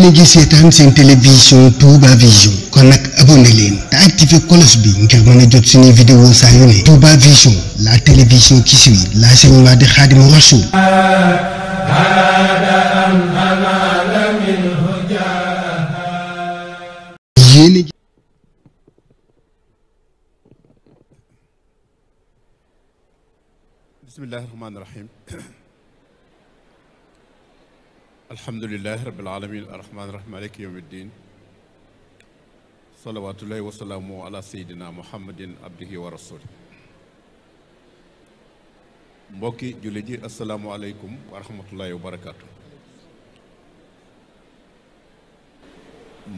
yéen a ngi seetaan seen télévision Touba Vision kon nag bi ngir mën jot suñuy vidéo saa yu ne Touba Vision la télévision qui suit l'enseignement de Khadimou Rassoul bismillahi rahmaani rahim alhamdulilahi rabilalamin arahmanirahim aleyk yawm ddin salawatullahi wasalaamu ala seydina muhammadin abdihi wa mbokki julli ji asalaamualeykum wa rahmatullahi wa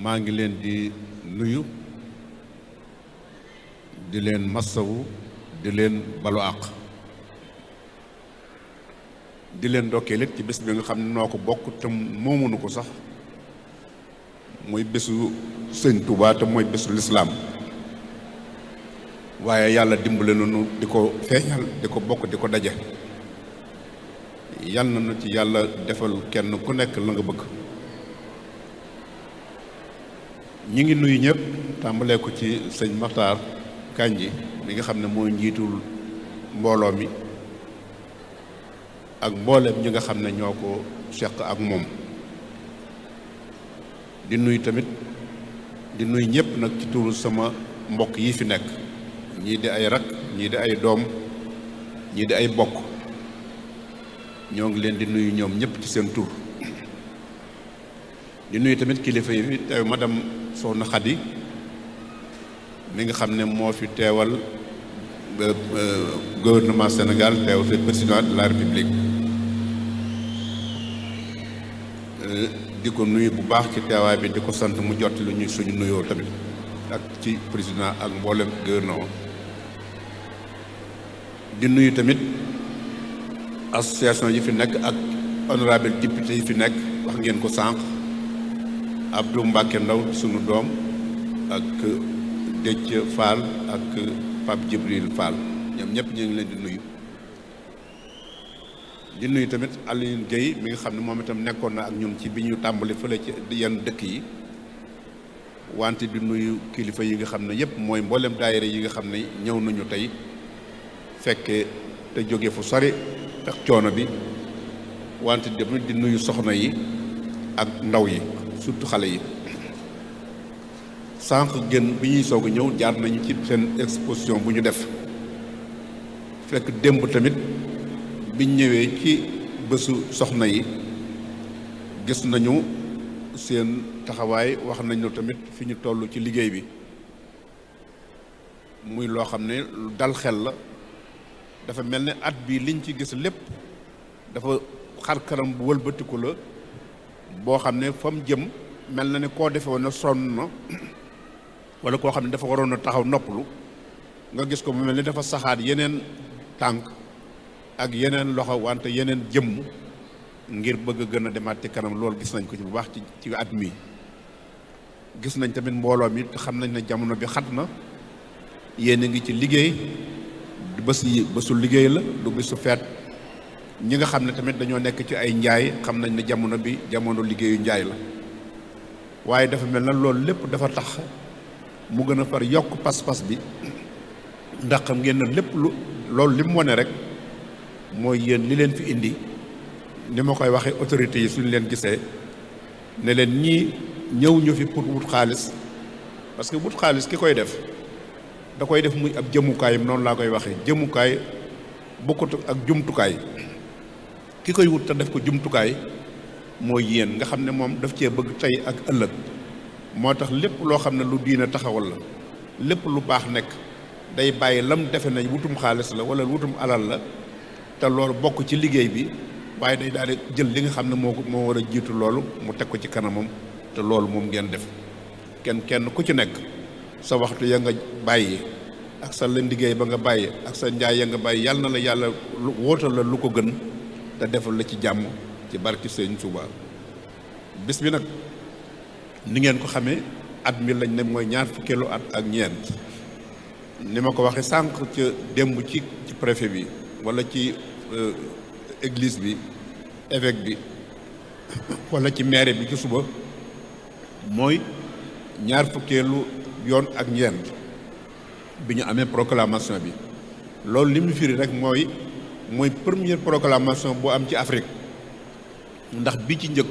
maa ngi leen di nuyu di leen massawu di leen balu àq di leen ndokkee lépp ci bés bi nga xam ne noo ko bokk te moomunu ko sax muy bésu sëñ Touba te mooy bésu lislaam waaye yàlla dimbale nañu di ko feeñal di ko bokk di ko daje yàlla nañu ci yàlla defal kenn ku nekk la nga bëgg ñu ngi nuyu ñëpp tàmbalee ko ci sëñ Maxtaar Kanji mi nga xam ne mooy njiitul mbooloo mi ak mbooleem ñi nga xam ne ñoo ko seq ak moom di nuyu tamit di nuyu ñëpp nag ci turu sama mbokk yi fi nekk ñii di ay rak ñii di ay doom ñii di ay bokk ñoo ngi leen di nuyu ñoom ñëpp ci seen tur di nuyu tamit kilifa yi teew madame Soxna Xadi mi nga xam ne moo fi teewal euh, euh, gouvernement Sénégal teew fi président de la République di ko nuyu bu baax ci teewaay bi di ko sant mu jot lu ñuy suñu nuyoo tamit ak ci président ak mboolem gouvernement di nuyu tamit association yi fi nekk ak honorable député yi fi nekk wax ngeen ko sànq Abdou Mbacke Ndaw suñu doom ak Déthié Fall ak Pape Djibril Fall ñoom ñëpp ñu ngi leen di nuyu di nuyu tamit Alioune Guèye mi nga xam ne moom itam nekkoon na ak ñun ci bi ñu tàmbali fële ci yenn dëkk yi wante di nuyu kilifa yi nga xam ne yëpp mooy mboolem daayira yi nga xam ne ñëw nañu tey fekk te jóge fu sori tax coono bi wante tamit di nuyu soxna yi ak ndaw yi surtout xale yi sànq gën bi ñuy soog a ñëw jaar nañu ci seen exposition bu ñu def fekk démb tamit biñ ñëwee ci bésu soxna yi gis nañu seen taxawaay wax nañu tamit fi ñu toll ci liggéey bi muy loo xam ne lu dal xel la dafa mel ni at bi liñ ci gis lépp dafa xar kanam bu wëlbatiku la boo xam ne fa jëm mel na ne koo defe woon sonn na koo xam ne dafa waroon a taxaw noppalu nga gis ko mu mel ne dafa saxaat yeneen tànk ak yeneen loxo wante yeneen jëmm ngir bëgg gën a demaat ci kanam lool gis nañ ko ci bu baax ci ci at mi gis nañ tamit mbooloo mi xam nañ ne jamono bi xat na yéen a ngi ci liggéey du bés liggéey la du bésu feet ñi nga xam ne tamit dañoo nekk ci ay njaay xam nañ ne jamono bi jamono liggéeyu njaay la waaye dafa mel na loolu lépp dafa tax mu gën a far yokk pas-pas bi ndax xam ngeen ne lépp lu loolu li wane rek mooy yéen li leen fi indi ni ma koy waxee autorités yi suñu leen gisee ne leen ñii ñëw ñu fi pour wut xaalis parce que wut xaalis ki koy def da koy def muy ab jëmukaayam noonu laa koy waxee jëmmukaay bokkut ak jumtukaay ki koy wut te def ko jumtukaay mooy yéen nga xam ne moom daf cee bëgg tey ak ëllëg moo tax lépp loo xam ne lu diina taxawal la lépp lu baax nekk day bàyyi lam defe nañ wutum xaalis la wala wutum alal la te loolu bokk ci liggéey bi waaye day daal di jël li nga xam ne moo moo war a jiitu loolu mu teg ko ci kanamam te loolu moom ngeen def kenn kenn ku ci nekk sa waxtu ya nga bàyyi ak sa leen liggéey ba nga bàyyi ak sa njaay ya nga bàyyi yàlla na la yàlla wóotal la lu ko gën te defal la ci jàmm ci barki Sëñ Tuubaa bis bi nag ni ngeen ko xamee at mi lañ ne mooy ñaar fukkeelu at ak ñeent ni ma ko waxee sànq ca démb ci ci préfet bi wala ci Euh, église bi évêque bi wala ci maire bi ci suba mooy ñaar fukkeelu yoon ak ñeent bi ñu amee proclamation bi loolu li mu firi rek mooy mooy première proclamation bu am ci Afrique ndax bi ci njëkk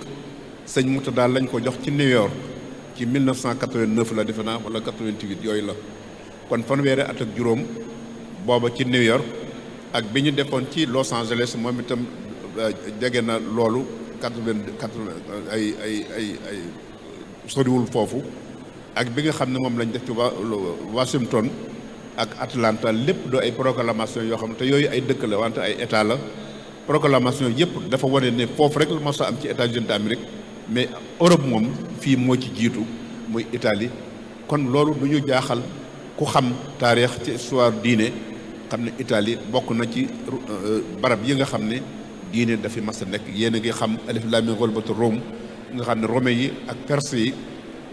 sëñ daal lañ ko jox ci New York ci 1989 la defe naa wala 88 yooyu la kon fanweeri at ak juróom booba ci New York ak bi ñu defoon ci Los Angeles moom itam euh, jege na loolu quatre-vingt quatre-vingt ay ay ay ay soriwul foofu ak bi nga xam ne moom lañ def ci Washington ak Atlanta lépp doo ay proclamation yoo xam te yooyu ay dëkk la wante ay état la proclamation yëpp dafa wane ne foofu rek la am ci États-Unis d'Amérique mais Europe moom fii moo ci jiitu muy itali kon loolu du ñu jaaxal ku xam taarix ci histoire diine xam ne Italie bokk na ci euh, barab yi nga xam ne diine dafi mas a nekk yéen a ngi xam alif laam miim ghalabatu Room nga xam ne romain yi ak perse yi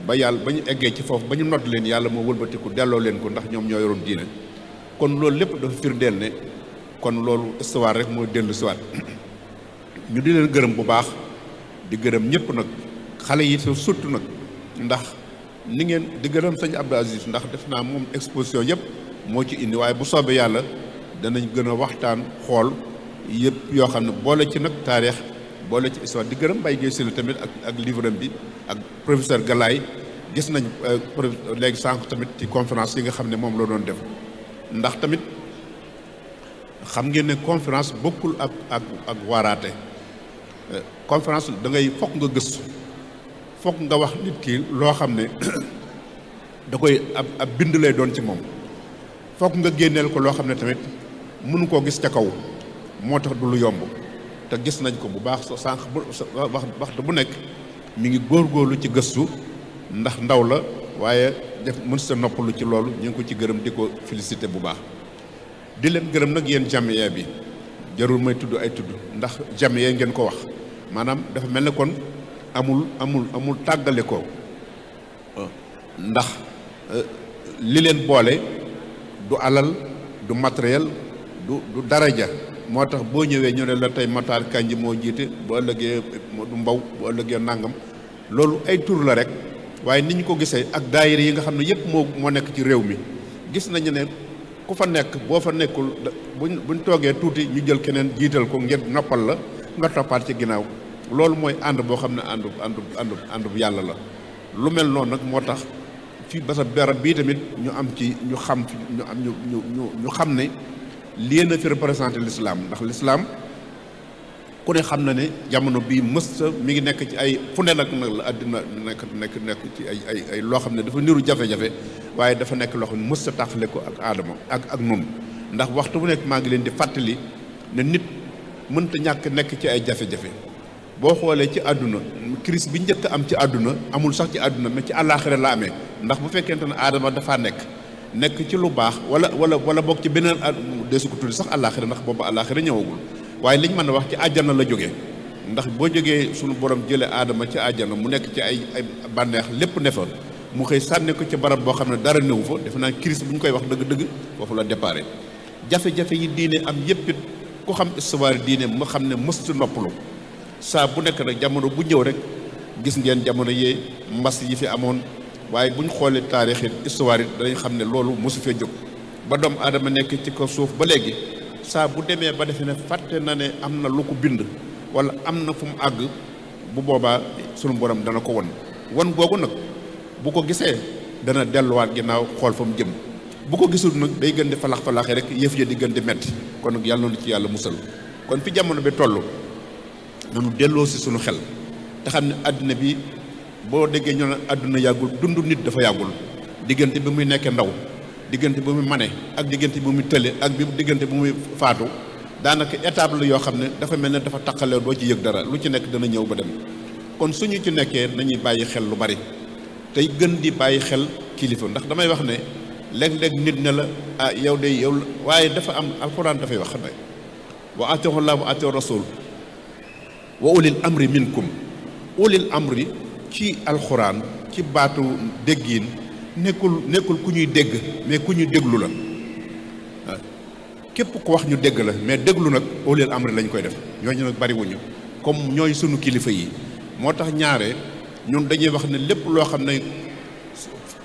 ba yàlla ba ñu eggee ci foofu ba ñu nodd leen yàlla moo wëlbatiku delloo leen ko ndax ñoom ñoo yoroon diine kon loolu lépp dafa firndeel ne kon loolu histoire rek mooy dellu histoire ñu di leen gërëm bu baax di gërëm ñëpp nag xale yi sa surtout nag ndax ni ngeen di gërëm sëñ Abdou Aziz ndax def naa moom exposition yëpp moo ci indi waaye bu soobee yàlla danañ gën a waxtaan xool yëpp yoo xam ne boole ci nag taarix boole ci histoire di gërëm bay Guèye Sylla tamit ak ak livre bi ak professeur Galaye gis nañ euh, léegi sànq tamit ci conférence yi nga xam ne moom la doon def ndax tamit xam ngeen ne conférence bokkul ak ak waraate waaraate euh, conférence da ngay fokk nga gëstu fokk nga wax nit ki loo xam ne da koy ab ab bind lay doon ci moom foog nga génneel ko loo xam ne tamit mënu koo gis ca kaw moo tax du lu yomb te gis nañ ko bu baax soo sànq bu wax waxtu bu nekk mu ngi góor góorgóorlu ci gëstu ndax ndaw la waaye def mën sa noppalu ci loolu ñu ngi ko ci gërëm di ko félicité bu baax di leen gërëm nag yéen jamiya bi jarul may tudd ay tudd ndax jàmm yee ngeen ko wax maanaam dafa mel ne kon amul amul amul tàggale ko oh. ndax euh, li leen boole du alal du matériel du du daraja moo tax boo ñëwee ñu ne la tey Matar Kandji moo jiite boo ëllëgee du mbaw boo ëllëgee nàngam loolu ay tur la rek waaye ni ñu ko gisee ak daayira yi nga xam ne yëpp moo moo nekk ci réew mi gis nañu ne ku fa nekk boo fa nekkul buñ buñ toogee tuuti ñu jël keneen jiital ko ngir noppal la nga toppaat ci ginnaaw loolu mooy ànd boo xam ne àndu àndu àndu àndu yàlla la lu mel noonu nag moo tax fii basa barab bii tamit ñu am ci ñu xam ñu am ñu ñu ñu xam ne lii na fi représenté l'islam ndax lislaam ku ne xam na ne jamono bii mës mi ngi nekk ci ay fu ne nag nag la àddina nekk nekk nekk ci ay ay ay loo xam ne dafa niiru jafe-jafe waaye dafa nekk loo xam ne mës a tàqale ko ak aadama ak ak noonu ndax waxtu bu nekk maa ngi leen di fàttali ne nit mënta ñàkk nekk ci ay jafe-jafe boo xoolee ci àdduna crise bi njëkk am ci àdduna amul sax ci àdduna mais ci àllaaxira la amee ndax bu fekkente ne aadama dafaa nekk nekk ci lu baax wala wala wala bokk ci beneen at desu ko tuddi sax àllaaxira ndax boobu àllaaxira ñëwagul waaye li ñu mën a wax ci àjjana la jóge ndax boo jógee suñu borom jëlee aadama ci àjjana mu nekk ci ay ay bànneex lépp ne fa mu xëy sànni ko ci barab boo xam ne dara néew fa defe naa crise bu ñu koy wax dëgg-dëgg foofu la déparé jafe-jafe diine am yépp it ku xam histoire diine mu xam ne mëstu noppalu saa bu nekk nag jamono bu ñëw rek gis ngeen jamono yee mbas yi fi amoon waaye bu ñu xoolee taarix it histoire it danañ xam ne loolu mosu fee jóg ba doomu aadama nekk ci ko suuf ba léegi saa bu demee ba defe ne fàtte na ne am na lu ko bind wala am na fu mu àgg bu boobaa sunu borom dana ko won won googu nag bu ko gisee dana delluwaat ginnaaw xool fa mu jëm bu ko gisul nag day gën di falax falaxee rek yëf ya di gën di metti kon nag yàlla na ci yàlla musal kon fi toll nanu delloo si suñu xel te xam ne àdduna bi boo déggee ñoo ne àdduna yàggul dund nit dafa yàggul diggante bi muy nekkee ndaw diggante bi muy mane ak diggante bi muy tële ak bi diggante bi muy faatu daanaka étape la yoo xam ne dafa mel ne dafa taqalee doo ci yëg dara lu ci nekk dana ñëw ba dem kon suñu ci nekkee nañuy bàyyi xel lu bari tey gën di bàyyi xel kilifa ndax damay wax ne léeg-léeg nit ne la ah yow de yow waaye dafa am alxuraan dafay wax ne wa atiixu llaah wa ulil amri minkum ulil amri ci alxuraan ci baatu déggiin nekkul nekkul ku ñuy dégg mais ku ñuy déglu la ah. képp ku wax ñu dégg la mais déglu nag ulil amri lañ koy def ñooñu nag bariwuñu comme ñooy sunu kilifa yi moo tax ñaare ñun dañuy wax ne lépp loo xam ne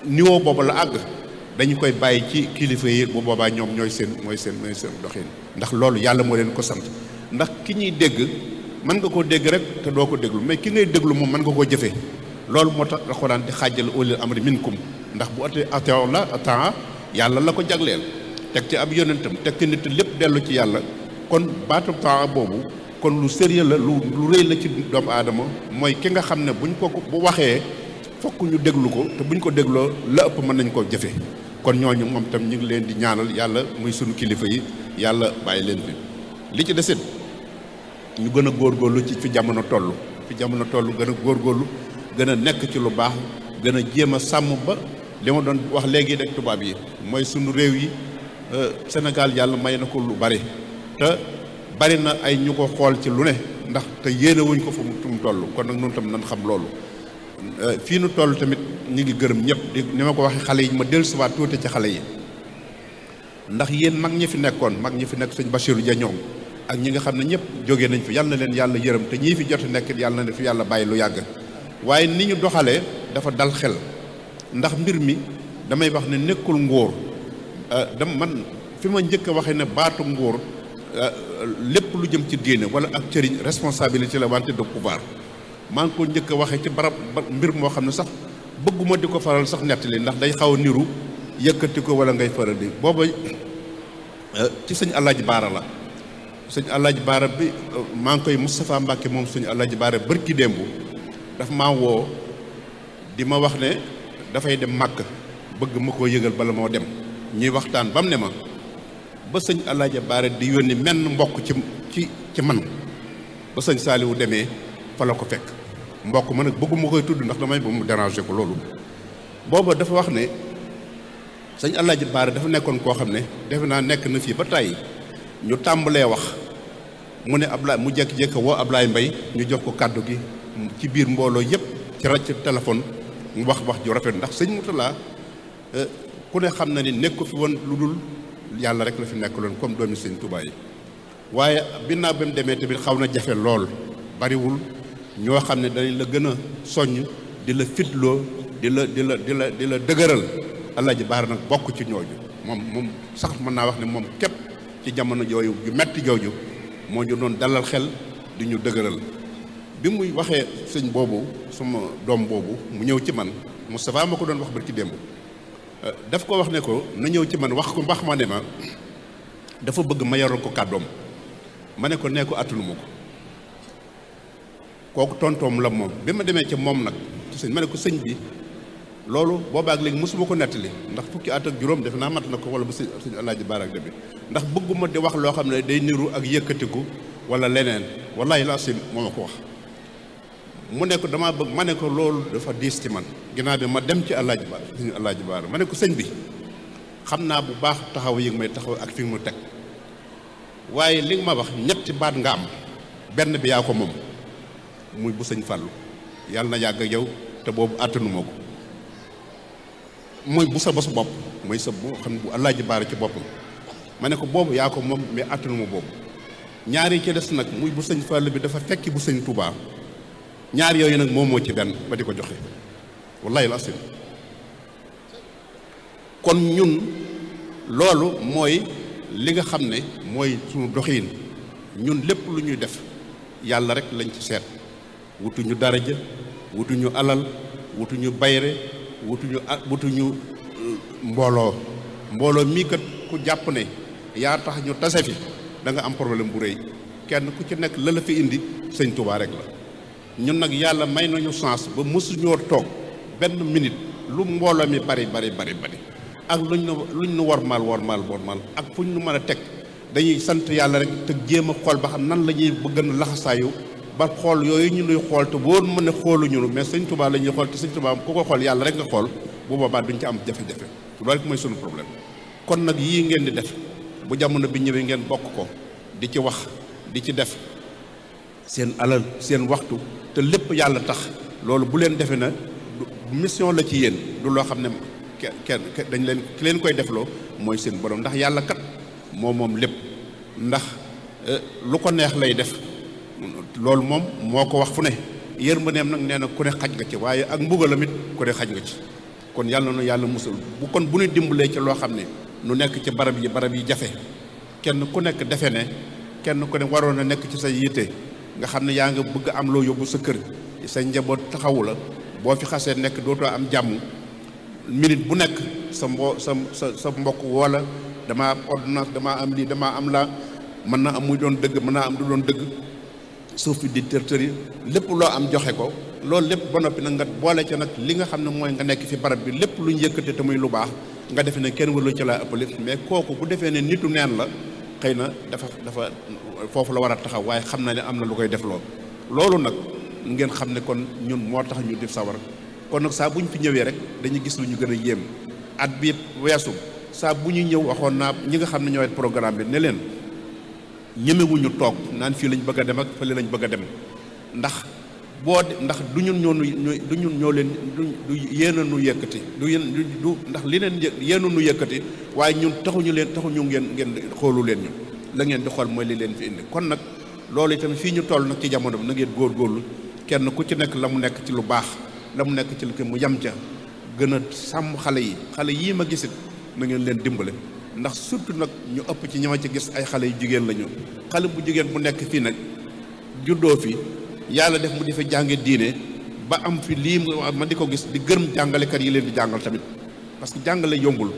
niveau boobu la àgg dañu koy bàyyi ci kilifa yi bu boobaa ñoom ñooy seen mooy seen mooy seen doxin ndax loolu yàlla moo leen ko sant ndax ki ñuy dégg mën nga koo dégg rek te doo ko déglu mais ki ngay déglu moom mën nga koo jëfee loolu moo tax alxuraan di xàjjale xaajal ulil amri minkum ndax bu atee atew la temps yàlla la ko jagleel teg ci ab yonentam teg ci nit lépp dellu ci yàlla kon baatu temps boobu kon lu sérieux la lu lu rëy la ci doomu aadama mooy ki nga xam ne buñ ko bu waxee fokk ñu déglu ko te buñ ko dégloo la ëpp mën nañ koo jëfe kon ñooñu moom tam ñu ngi leen di ñaanal yàlla muy sunu kilifa yi yàlla bàyyi leen fi li ci desit ñu gën a góorlu ci fi jamono toll fi jamono toll gën a góorlu gën a nekk ci lu baax gën a jéem a sàmm ba li ma doon wax léegi rek tubaab yi mooy sunu réew yi euh, Sénégal yàlla may na ko lu bari te bari na ay ñu ko xool ci lu ne ndax te yéene wuñ ko fu mu toll kon nag noonu tam nan xam loolu euh, fii nu toll tamit ñu ngi gërëm ñëpp di ni ma ko waxee xale yi ma dellu dellusiwaat tuuti ci xale yi ndax yéen mag ñi fi nekkoon mag ñi fi nekk sëñ Bachirou Dia ñoom ak ñi nga xam ne ñëpp jóge nañ fi yal na leen yàlla yërëm te ñii fi jot nekk yal na fi yàlla bàyyi lu yàgg waaye ni ñu doxalee dafa dal xel ndax mbir mi damay wax ne nekkul nguur euh, dam man fi ma njëkk a waxee ne baatu nguur euh, lépp lu jëm ci diine wala ak cëriñ responsabilité la wante de pouvoir maa ngi ko njëkk a waxee ci barab mbir moo xam ne sax bëgguma di ko faral sax nettali ndax day xaw a niru yëkkati ko wala ngay faral di booba euh, ci sëñ Alaaji Baara la sëñ Alaaji Baara bi maa ngi koy Moustapha Mbacke moom sëñ Alaaji Baara bërki démb daf maa woo di ma wax ne dafay dem màkk bëgg ma koo yëgal bala moo dem ñuy waxtaan ba mu ne ma ba sëñ Alaaji Baara di yónni menn mbokk ci ci ci man ba sëñ Saaliwu demee fa la ko fekk mbokk ma nag bëgguma koy tudd ndax damay ba mu déranger ko loolu booba dafa wax ne sëñ Alaaji Baara dafa nekkoon koo xam ne defe naa nekk na fii ba tàyyi ñu tàmbalee wax mu ne ab Ablaye mu jékki-jékki woo Ablaye Mbaye ñu jox ko kàddu gi ci biir mbooloo yépp ci rajo téléphone mu wax wax ju rafet ndax sëñ Moutalla euh, ku ne xam na ni nekku fi woon lu dul yàlla rek la fi nekk loon comme doomi sëñ Touba yi waaye binnaaw ba mu demee tamit xaw na jafe lool bariwul ñoo xam ne dañ la gën a soññ di la fitloo di la di la di la di la dëgëral Alaaji Baara nag bokk ci ñooñu moom moom sax mën naa wax ne moom képp ci jamono jooyu ju metti jooju moo ñu doon dalal xel du ñu dëgëral bi muy waxee sëñ boobu suma doom boobu mu ñëw ci man Moustapha ma ko doon wax ba ci démb euh, daf ko wax ne ko na ñëw ci man wax ko mbax ma ne ma dafa bëgg ma yaroon ko kàddoom ma ne ko nee ko attanu ko kooku tontoom la moom bi ma demee ca moom nag sëñ ma ne ko sëñ bi loolu boobaak léegi mësuma ko nettali ndax fukki at ak juróom defe naa mat na ko wala bu si suñu alaaji baaraak bi ndax bëgguma di wax loo xam ne day niru ak yëkkatiku wala leneen wallahi la sim moo ma ko wax mu ne ko damaa bëgg ma ne ko loolu dafa diis ci man ginnaaw bi ma dem ci alaaji baar suñu alaaji baara ma ne ko sëñ bi xam naa bu baax taxaw yi nga may taxaw ak fii mu teg waaye li ma wax ñetti baat nga am benn bi yaa ko moom muy bu sëñ fàllu yàlla na yàgg yow te boobu àttanu ma ko mooy bu sa ba sa bopp mooy sa boo xam ne bu allah ji baara ci boppam ma ne ko boobu yaa ko moom mais attanu mu boobu ñaari ci des nag muy bu sëñ Fallu bi dafa fekki bu sëñ Touba ñaar yooyu nag moom moo ci benn ba di ko joxe wallahi la asin kon ñun loolu mooy li nga xam ne mooy suñu doxiin ñun lépp lu ñuy def yàlla rek lañ ci seet wutuñu daraja wutuñu alal wutuñu bayre wutuñu ak wutuñu euh, mbooloo mbooloo mii kat ku jàpp ne yaa tax ñu tase fi danga am problème bu rëy kenn ku ci nekk la la fi indi sëñ Tuubaa rek la ñun nag yàlla may nañu chance ba mësuñoo toog benn minute lu mbooloo mi bari bari bari bari ak luñ nu luñ nu warmaal warmaal warmaal ak fuñ nu mën a teg dañuy sant yàlla rek te jéem a xool ba xam nan la ñuy bëgg na laxasaayu ba xool yooyu ñu nuy xool te wóor mën ne xoolu xooluñu mais sëñ Touba la ñuy xool te sëñ Touba ku ko xool yàlla rek nga xool bu boobaa duñ ci am jafe-jafe loolu mooy sunu problème kon nag yii ngeen di def bu jamono bi ñëwee ngeen bokk ko di ci wax di ci def seen alal seen waxtu te lépp yàlla tax loolu bu leen defee na mission la ci yéen du loo xam ne kenn dañ leen ki leen koy defloo mooy seen borom ndax yàlla kat moo moom lépp ndax euh, lu ko neex lay def loolu moom moo ko wax fu ne yërmandeem nag nee na ku ne xaj nga ci waaye ak mbugalam it ku ne xaj nga ci kon yàlla na yàlla musul bu kon bu ñu dimbalee ci loo xam ne nu nekk ci barab yi barab yi jafe kenn ku nekk defe ne kenn ku ne waroon a nekk ci sa yitte nga xam ne yaa nga bëgg am loo yóbbu sa kër sa njaboot taxawu la boo fi xasee nekk dootoo am jàmm minute bu nekk sa mbo sa sa sa mbokk wala damaa am damaa am lii damaa am laa mën na am muy doon dëgg mën naa am du doon dëgg suuf bi di tër yi lépp loo am joxe ko loolu lépp ba noppi nag nga boole ca nag li nga xam ne mooy nga nekk fi barab bi lépp lu ñu yëkkate te muy lu baax nga defe ne kenn warul ca laa ëppale mais kooku bu defee ne nitu neen la xëy na dafa dafa foofu la war a taxaw waaye xam na ne am na lu koy def loolu loolu nag ngeen xam ne kon ñun moo tax ñu def sawar kon nag saa bu ñu fi ñëwee rek dañuy gis lu ñu gën a yéem at bi weesu saa bu ñu ñëw waxoon naa ñi nga xam ne ñooy programme bi ne leen ñemewuñu toog naan fii lañ bëgg a dem ak fële lañ bëgg a ndax boo de ndax du ñun ñoo du ñun ñoo leen du du yéen nu yëkkati du yéen du ndax li leen yéen a nu yëkkati waaye ñun taxuñu leen taxuñu ngeen ngeen xoolu leen ñu la ngeen di xool mooy li leen fi indi kon nag loolu itam fii ñu toll nag ci jamono bi na ngeen góorgóorlu kenn ku ci nekk la mu nekk ci lu baax la mu nekk ci lu mu yam ca gën a sàmm xale yi xale yii ma gisit na ngeen leen dimbale ndax surtout nag ñu ëpp ci ñama ci gis ay xale yu jigéen lañu xale bu jigéen bu nekk fii nag juddoo fi yàlla def mu di fi jànge diine ba am fi lii ma di ko gis di gërëm jàngalekat yi leen di jàngal tamit parce que jàngale yombul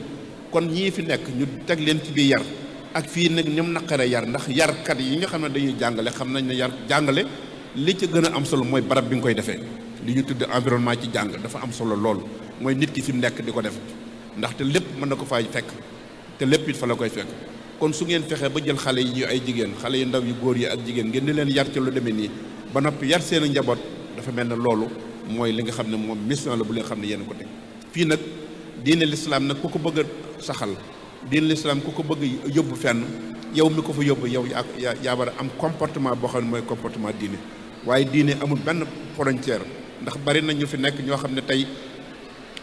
kon ñii fi nekk ñu teg leen ci biir yar ak fii nag ñoom naqare yar ndax kat yi nga xam ne dañuy jàngale xam nañ ne yar jàngale li ci gën a am solo mooy barab bi nga koy defee li ñu tudd environnement ci jàng dafa am solo lool mooy nit ki fi mu nekk di ko def ndaxte lépp mën na ko fay fekk te lépp it fa la koy fekk kon su ngeen fexe ba jël xale yi ñu ay jigéen xale yu ndaw yu góor yi ak jigéen ngeen di leen yar ci lu demee nii ba noppi yar seen njaboot dafa mel ne loolu mooy li nga xam ne moom mission la bu leen xam ne yéen ko teg fii nag diine lislaam nag ku ko bëgg a saxal diine lislaam ku ko bëgg yóbbu fenn yow mi ko fa yóbbu yow yaa yaa war a am comportement boo xam ne mooy comportement diine waaye diine amul benn frontière ndax bari na ñu fi nekk ñoo xam ne tey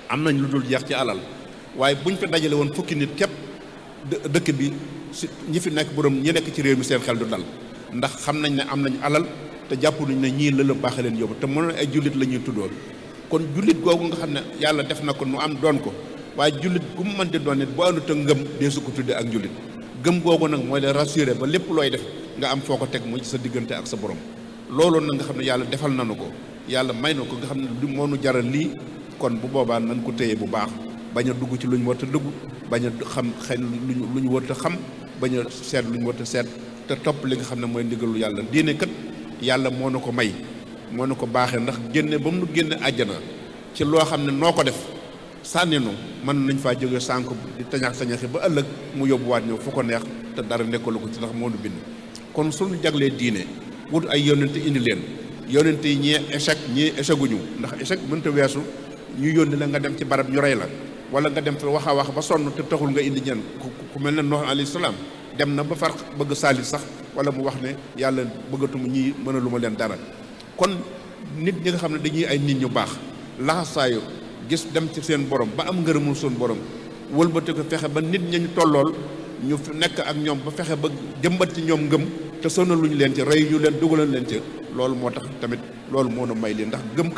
am nañ lu dul jeex ci alal waaye buñ fi dajale woon fukki nit képp dëkk bi si ñi fi nekk borom ñi nekk ci réew mi seen xel du dal ndax xam nañ ne am nañ alal te jàpp nañ ne ñii la la baaxe leen yóbbu te mënoon ay jullit la ñuy tuddoo kon jullit googu nga xam ne yàlla def na ko nu am doon ko waaye jullit gu mu mënti doon nit bu àndut ak ngëm su ko tuddee ak jullit gëm googu nag mooy la rassuré ba lépp looy def nga am foo ko teg muy ci sa diggante ak sa borom looloo nag nga xam ne yàlla defal na nanu ko yàlla may na ko nga xam ne du nu jaral lii kon bu boobaa nañ ko téye bu baax bañ a dugg ci lu ñu war dugg bañ a xam xëy lu ñu lu ñu war xam bañ a seet lu ñu war seet te topp li nga xam ne mooy ndigalu yàlla diine kat yàlla moo na ko may moo na ko baaxee ndax génne ba mu génne àjjana ci loo xam ne noo ko def sànninu mën nañ faa jóge sànk di tañax tañaxi ba ëllëg mu yóbbuwaat ñëw foo ko neex te dara nekkalu ko ci ndax moo nu bind kon suñu jaglee diine wut ay yonent indi leen yonent yi ñee échec ñii échec ñu ndax échec mënta weesu ñu yónni la nga dem ci barab ñu rey la wala nga dem fa wax a wax ba sonn te taxul nga indi ñan ku mel ne Nuux alayhi salaam dem na ba far bëgg saalit sax wala mu wax ne yàlla bëggatuma ñii mën lu ma leen dara kon nit ñi nga xam ne dañuy ay nit ñu baax laxasaayu gis dem ci seen borom ba am ngërëmul seen borom wëlbati ko fexe ba nit ñañu tollool ñu nekk ak ñoom ba fexe ba jëmbat ci ñoom ngëm te luñu leen ci rey ñu leen dugalan leen ci loolu moo tax tamit loolu moo nu may lii ndax gëm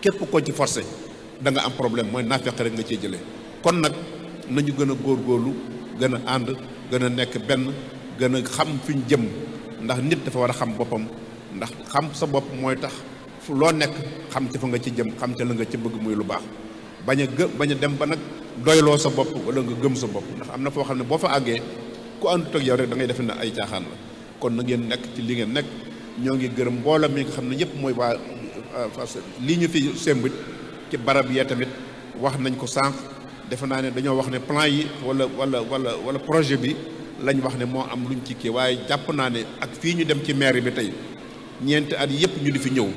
képp ko ci forcé da nga am problème mooy naafeq rek nga cee jëlee kon nag nañu gën a góorlu gën a ànd gën a nekk benn gën a xam fi ñu jëm ndax nit dafa war a xam boppam ndax xam sa bopp mooy tax fu loo nekk xam ca fa nga ci jëm xam ca la nga ci bëgg muy lu baax bañ a gë bañ dem ba nag doyloo sa bopp wala nga gëm sa bopp ndax am na foo xam ne boo fa àggee ku àndut ak yow rek da ngay defe ne ay caaxaan la kon na ngeen nekk ci li ngeen nekk ñoo ngi gërëm mbooloo mi nga xam ne yëpp mooy waa euh, lii ñu fi sembit ci barab yee tamit wax nañ ko sànq defe naa ne dañoo wax ne plan yi wala wala wala wala projet bi lañ wax ne moo am luñ ci kii waaye jàpp naa ne ak fii ñu dem ci maire bi tey ñeenti at yëpp ñu di fi ñëw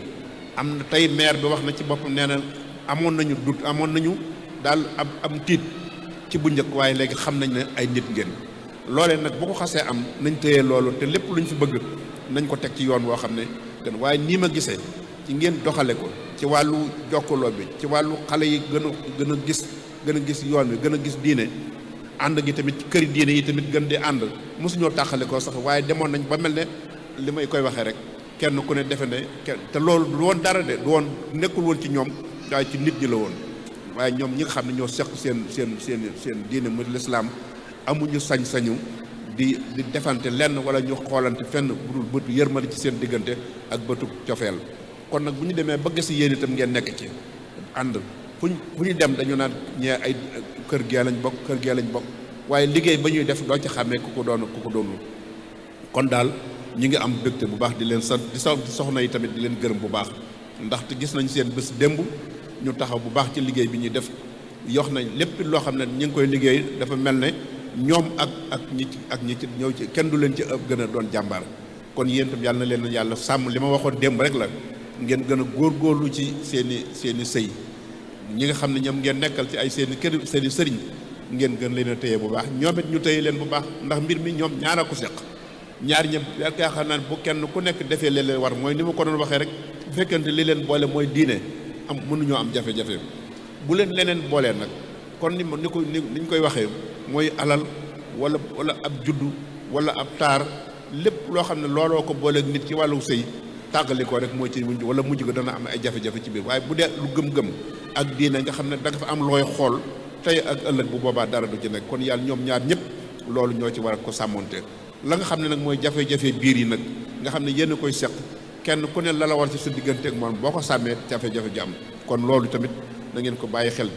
am na tey maire bi wax na ci boppam nee na amoon nañu dut amoon nañu daal am am tiit ci bu njëkk waaye léegi xam nañ ne ay nit ngeen loolee nag bu ko xasee am nañ téye loolu te lépp lu ñu fi bëgg nañ ko teg ci yoon woo xam ne waaye nii ma gisee ci ngeen doxale ko ci wàllu jokkaloo bi ci wàllu xale yi gën a gën a gis gën a gis yoon bi gën a gis diine ànd gi tamit ci këri diine yi tamit gën di ànd mosuñoo taxale koo sax waaye demoon nañ ba mel ne li may koy waxee rek kenn ku ne defe ne kenn te loolu du woon dara de du woon nekkul woon ci ñoom waaye ci nit ñi la woon waaye ñoom ñi xam ne ñoo seq seen seen seen seen diine mu lislaam amuñu sañ-sañu di di defante lenn wala ñu xoolante fenn budul bëtu yërmande ci seen diggante ak bëtu cofeel kon nag bu ñu demee ba gis yéen itam ngeen nekk ci ànd fu ñu fu ñu dem dañu naan ñee ay kër gee lañ bokk kër gee lañ bokk waaye liggéey ba ñuy def doo ci xàmmee ku ko doon ku ko doonul kon daal ñu ngi am bégte bu baax di leen sa di soxna yi tamit di leen gërëm bu baax ndaxte gis nañ seen bés démb ñu taxaw bu baax ci liggéey bi ñuy def yox nañ lépp loo xam ne ñu ngi koy liggéey dafa mel ne ñoom ak ak ñi ak ñi ñëw ci kenn du leen ci ëpp gën a doon jàmbaar kon yéen itam yàlla na yàlla sàmm li ma waxoon démb rek la ngeen gën a góorgóorlu ci seen i seen i sëy nga xam ne ñoom ngeen nekkal ci ay seeni kër seen i sëriñ ngeen gën leen a téye bu baax ñoom ñu téye leen bu baax ndax mbir mi ñoom ñaar a ko seq ñaar ñëpp yaakaar naa ne bu kenn ku nekk defee leen leen war mooy ni ma ko doon waxee rek bu fekkente li leen boole mooy diine am mënuñoo am jafe-jafe bu leen leneen boolee nag kon ni ni ko ni ñu koy waxee mooy alal wala wala ab juddu wala ab taar lépp loo xam ne looloo ko booleeg nit ci wàllu sëy tàggalikoo rek mooy ci mujj wala mujj ko dana am ay jafe-jafe ci biir waaye bu dee lu gëm-gëm ak diine nga xam ne da nga fa am looy xool tey ak ëllëg bu boobaa dara du ci nekk kon yàlla ñoom ñaar ñëpp loolu ñoo ci war a ko sàmmonte la nga xam ne nag mooy jafe-jafe biir yi nag nga xam ne yéen koy seq kenn ku ne la la war ci sa diggante ak moom boo ko sàmmee jafe-jafe ji kon loolu tamit na ngeen ko bàyyi xel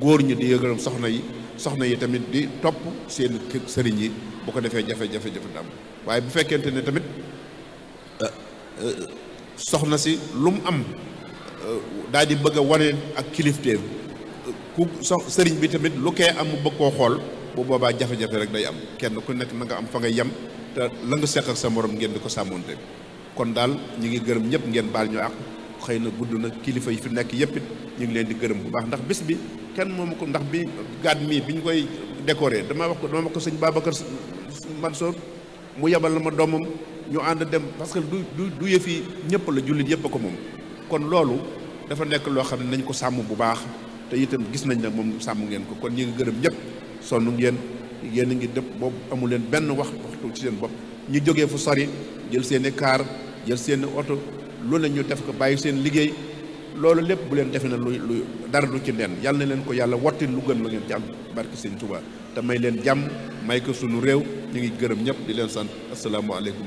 góor ñi di yëgëram soxna yi soxna yi tamit di topp seen sëriñ yi bu ko defee jafe-jafe jafe am waaye bu fekkente ne tamit soxna si lu mu am euh, daal di bëgg a wane ak kilifteem ku sox sëriñ bi tamit lu koy am mu bëgg koo xool bu boobaa jafe-jafe rek day am kenn ku nekk na nga am fa nga yem te la nga seq sa morom ngeen di ko sàmmoonte kon daal ñu ngi gërëm ñëpp ngeen baal ñu àq xëy na gudd na kilifa yi fi nekk yëpp ñu ngi leen di gërëm bu baax ndax bis bi kenn moom ko ndax bi gaat mii bi ñu koy décoré dama wax ko dama wax ko sëñ man Mansour mu yebal la ma doomam ñu ànd dem parce que du du du yëfi ñëpp la jullit yëpp a ko moom kon loolu dafa nekk loo xam ne nañ ko sàmm bu baax te itam gis nañ ne moom sàmm ngeen ko kon ñi gërëm ñëpp sonn ngeen yéen ngi dëpp boobu amu leen benn wax waxtu ci seen bopp ñu jógee fu sori jël seen i kaar jël seen i oto loolu la ñu def ko bàyyi seen liggéey loolu lépp bu leen defe na lu lu dara du ci leen yal na leen ko yàlla wattil lu gën la ngeen ci am barki sëñ te may leen jàmm may ko sunu réew ñu ngi gërëm ñëpp di leen sant asalaamaaleykum